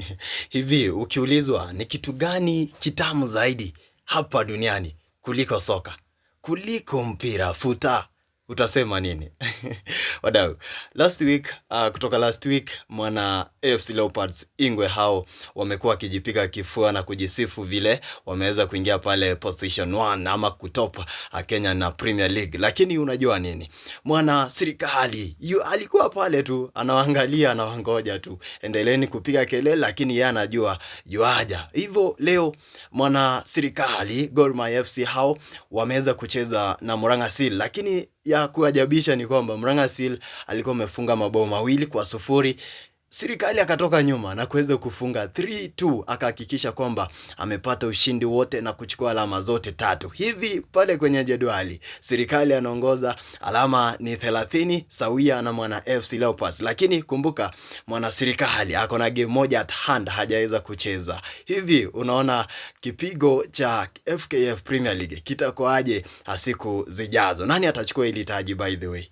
Hivi ukiulizwa ni kitu gani kitamu zaidi hapa duniani kuliko soka, kuliko mpira futa? utasema nini? Wadau, last week uh, kutoka last week mwana AFC Leopards Ingwe hao wamekuwa wakijipiga kifua na kujisifu vile wameweza kuingia pale position 1 ama kutopa uh, Kenya na Premier League, lakini unajua nini, mwana serikali yu alikuwa pale tu anawaangalia anawangoja tu, endeleeni kupiga kelele, lakini yeye anajua yuaja hivyo. Leo mwana serikali Gor Mahia FC hao wameweza kucheza na Murang'a Seal, lakini ya kuajabisha ni kwamba Mrang'a Seal alikuwa amefunga mabao mawili kwa sufuri. Sirikali akatoka nyuma na kuweza kufunga 3-2, akahakikisha kwamba amepata ushindi wote na kuchukua alama zote tatu. Hivi pale kwenye jedwali Sirikali anaongoza alama ni 30 sawia na mwana FC Leopards, lakini kumbuka mwana serikali ako na game moja at hand, hajaweza kucheza. Hivi unaona kipigo cha FKF Premier League kitakuwaje siku zijazo? Nani atachukua ile taji by the way?